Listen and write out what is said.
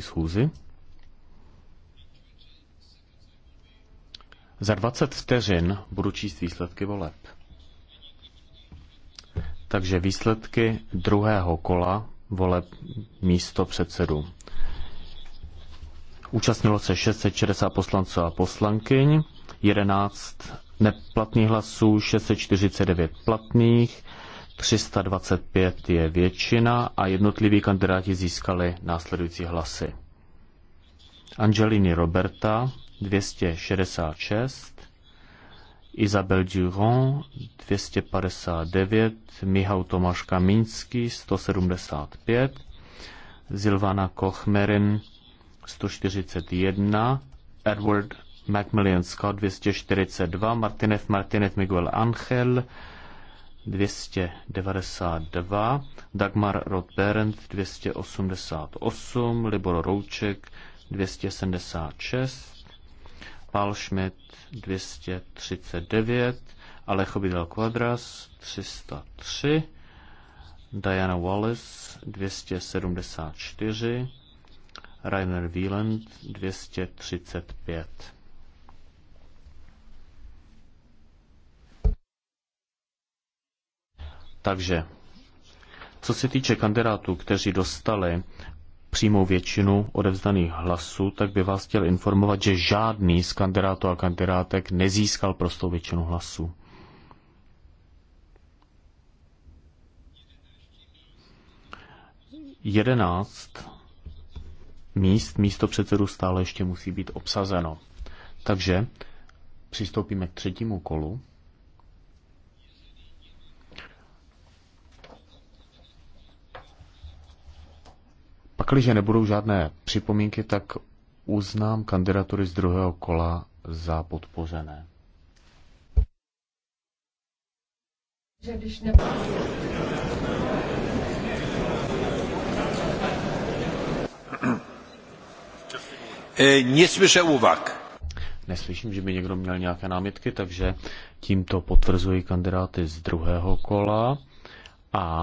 schůzi. Za 20 vteřin budu číst výsledky voleb. Takže výsledky druhého kola voleb místo předsedu. Účastnilo se 660 poslanců a poslankyň, 11 neplatných hlasů, 649 platných, 325 je většina a jednotliví kandidáti získali následující hlasy. Angelini Roberta 266, Isabel Durand 259, Mihau Tomáš Kaminský 175, Zilvana Kochmerin 141, Edward Macmillan Scott 242, Martinez Martinez Miguel Angel 292, Dagmar Rothberend 288, Libor Rouček 276, Paul Schmidt 239, Alecho Bidal Quadras 303, Diana Wallace 274, Rainer Wieland 235. Takže, co se týče kandidátů, kteří dostali přímou většinu odevzdaných hlasů, tak by vás chtěl informovat, že žádný z kandidátů a kandidátek nezískal prostou většinu hlasů. Jedenáct míst místo předsedu stále ještě musí být obsazeno. Takže přistoupíme k třetímu kolu. Pakliže nebudou žádné připomínky, tak uznám kandidatury z druhého kola za podpořené. Že když eh, Neslyšel úvah. Neslyším, že by někdo měl nějaké námitky, takže tímto potvrzuji kandidáty z druhého kola. A